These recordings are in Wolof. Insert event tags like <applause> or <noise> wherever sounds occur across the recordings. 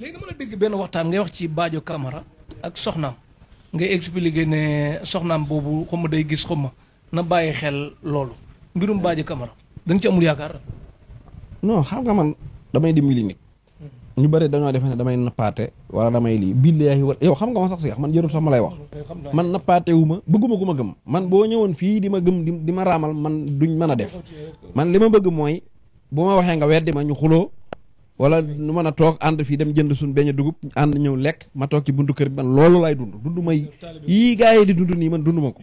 léegi dama dégg benn waxtaan ngay wax ci baajo kamara ak soxnaam ngay expliquer ne soxnaam boobu xaw ma day gis xaw ma na bàyyi xel loolu ngirum Badio kamara da nga ci amul yaakaar. non xam nga man damay dimbali nit. ñu bëri dañoo defe ne damay nappaate wala damay lii billaahi wa yow xam nga ma sax seex man jërul sax ma lay wax man nappaate wu ma bëgguma ku ma gëm man boo ñëwoon fii di ma gëm di ma raamal man duñ mën a def man li ma bëgg mooy bu ma waxee nga weddi ma ñu xuloo wala nu mën a toog ànd fii dem jënd suñ beñ dugub ànd ñëw lekk ma toog ci buntu kër bi man loolu laay dund dund may yii gars yi di dund nii man dund ma ko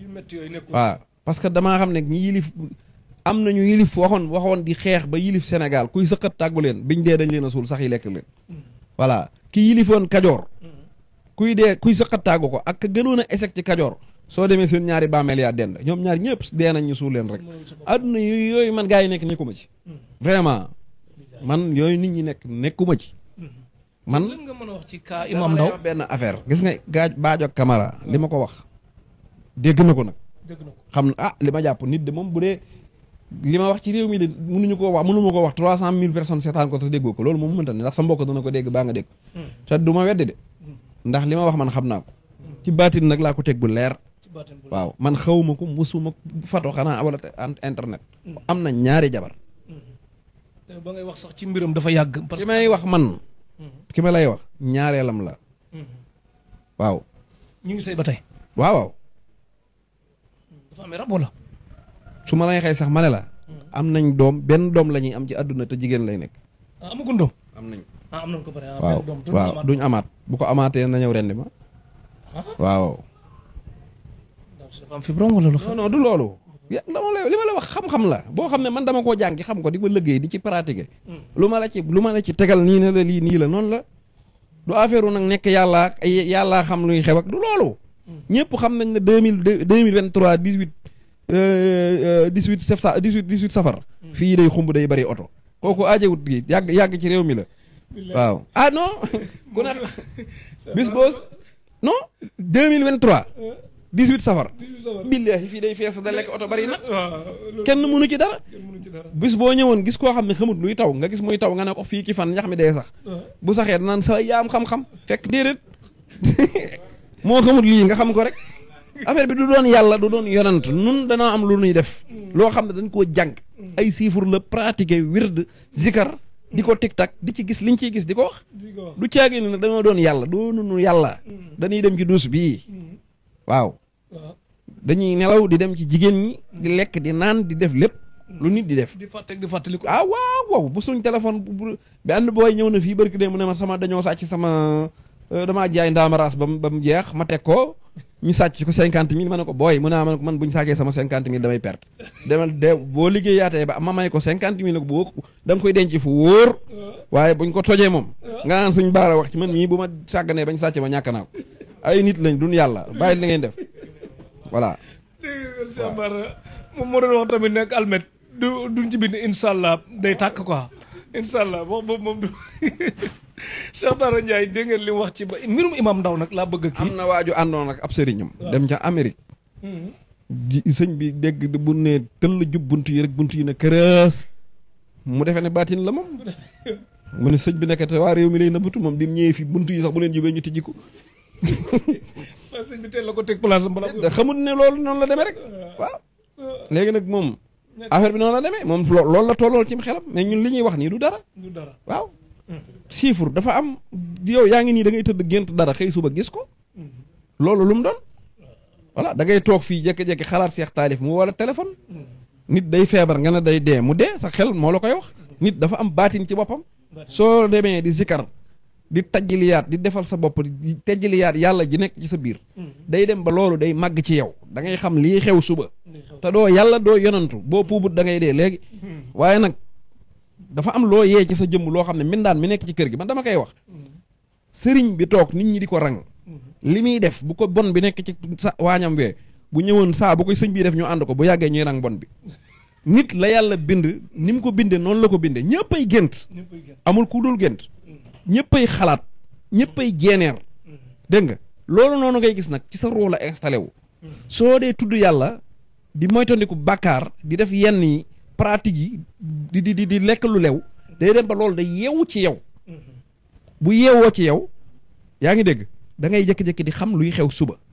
waaw parce que damaa xam ne ñi yilif am na nañu yilif waxoon waxoon di xeex ba yilif Sénégal kuy sëqat tàggu leen bi biñ dee dañ leen a suul sax yi lekk leen mm. voilà ki yilifoon Kajoor mm. kuy dee kuy sëqat tàggu ko ak gënoon a échec ci Kajoor soo demee seen ñaari bàmmeel yaa dend ñoom ñaar ñëpp dee nañ ñu suul leen rek adduna yooyu man yi nekk ni ko ma ci mm. vraiment man yooyu nit ñi nekk nekkuma ci. Mm-hmm. man lan nga mën a wax ci cas Imam Ndao benn affaire gis nga gaaj baajo kamara li ma ko wax dégg na ko nag. dégg na ko xam na ah li ma jàpp nit de moom bu dee li ma wax ci réew mi de mënuñu ko wax mënu ma ko wax trois cent mille personnes seetaan ko te déggoo ko loolu moom mënta ne ndax sa mbokk ko dégg baa nga dégg. Mm. te du ma de. Mm. ndax li ma wax man xam naa ko. Mm. ci baatin nag laa ko teg bu leer. waaw man xawuma ko mosuma fato xanaa wala internet. am na ñaari jabar. te ba wax sax ci mbiram dafa yàgg. parce que ki may wax man. Hmm. ki ma lay wax ñaareelam la. Hmm. waaw. ngi sëy ba tey. waaw su ma lay xëy sax ma ne la. Hmm. am nañ doom benn doom la ñuy am ci àdduna te jigéen lay nekk. ah amaguñ doom. am nañ ah, ah, ko waaw duñ amaat bu ko amaatee na ñëw rendi ma. Ah? waaw. dafa dama la li ma la wax xam-xam la boo xam ne man dama koo jàngi xam ko di ma liggéey di ci pratiquer. Hmm. lu ma la ci lu ma la ci tegal nii ne la lii nii la noonu la du affaire nag nekk yàllaa ay yàllaa xam luy xew ak du loolu. Hmm. ñëpp xam nañ ne deux mille deux mille vingt trois dix euh, euh, huit dix sa dix huit dix huit safar. Hmm. fii day xumb day bëri oto. kooku aajewut gi yàgg yàgg ci réew mi la. waaw ah non. <laughs> ku ne bis boos <laughs> non 18 safar. 18 safar billaahi fii day fees da lekk oto bari na. <laughs> kenn mënu ci dara. bis boo ñëwoon gis koo xam ne xamut luy taw nga gis muy taw nga ne ko fii ci fan ñax mi day sax. bu saxee naan sa yaam xam-xam fekk déedéet <laughs> moo xamut lii nga xam ko rek. affaire bi du doon yàlla du doon yonant nun danaa am lu nuy def loo xam ne dañ koo jàng mm. ay siifur la pratiquer wird zikar di ko tak di ci gis liñ ciy gis di ko wax du caagi ne nag dañoo doon yàlla doonunu yàlla mm. dañuy dem ci duus bii mm. dañuy nelaw di dem ci jigéen ñi. di lekk di naan di def lépp. lu nit di def di fàtte di fàttali ko. ah waaw waaw bu suñ téléphone bu bi ànd booy ñëw na fii barki de mu ne ma sama dañoo sàcc sama euh, damaa jaay ndaamaraas ba mu ba jeex ma teg ko ñu sàcc ko cinquante mille ma ne ko booy mu ne ah, ma ne ko man buñ sama cinquante mille damay perte. demal de boo liggéeyaatee ba ma may ko cinquante mille nag boo da koy denc fu wóor. Uh. waaye buñ ko tojee moom. Uh. nga naan suñ baala wax ci man ñii bu ma sàgganee bañ sàcc ma ñàkk naa ko ay nit lañ duñ yàlla bàyyi li ngeen def. voilà. waaw moom moo doon wax tamit nekk almet du duñ ci bind incha allah day tàkk ko incha allah wax boobu moom du <laughs> Cheikh Bara Ndiaye li wax ci ba mbirum imam ndaw nag laa bëgg a kii. am na waaju àndoon ak ab sëriñam. dem ca Amérique. Hmm. sëñ bi dégg bu ne tëll jub bunt yi rek bunt yi ne kërës mu defee ne baatin la moom. <laughs> mu sëñ bi nekk te waa réew mi lay nëbbatu moom bi mu ñëwee fii bunt yi sax bu leen jubee ñu tijji ko. <laughs> sëñ bi la ko teg place am bala da xamul ne loolu noonu la demee rek ah. waaw ah. léegi nag moom affaire bi noonu la demee moom loolu la tollool cim xelam mais ñun li ñuy wax nii du dara dara waaw hmm. chiffre dafa am yow yaa ngi nii da ngay tëdd gént dara xëy suba gis ko hmm. loolu lu mu doon ah. voilà dangay toog fii jékki-jékki xalaat seex taalif mu wala téléphone hmm. nit day feebar nga ne day dee mu dee sa xel moo la koy wax nit dafa am baatin ci boppam soo demee di zikar di tajjiliyaat di defal sa bopp di tajjiliyaat yàlla ji nekk ci sa biir day dem ba loolu day màgg ci yow da ngay xam lii xew suba te doo yàlla doo yonantu boo puubut da dee léegi hmm. waaye nag dafa am loo yee ci sa jëmm loo xam ne mindaan mi nekk ci kër gi man dama koy wax hmm. sëriñ bi toog nit ñi di ko rang hmm. li muy def bu ko bon bi nekk ci sa waañam wee bu ñëwoon saa bu koy sëñ bi def ñu ànd ko bu yàggee ñuy rang bon bi nit la yàlla bind ni mu ko bindee noonu la ko bindee ñëpp ay gént amul ku dul gént ñëpp ay xalaat ñëpp ay jeeneer loolu noonu ngay gis nag ci sa ruux la installé wu. soo dee tudd yàlla di moytandiku bàkkaar di def yenn yi pratique yi di di di lekk lu lew day dem ba loolu day yeewu ci yow. Mm-hmm. bu yeewoo ci yow yaa ngi dégg dangay ngay jékki di xam luy xew suba.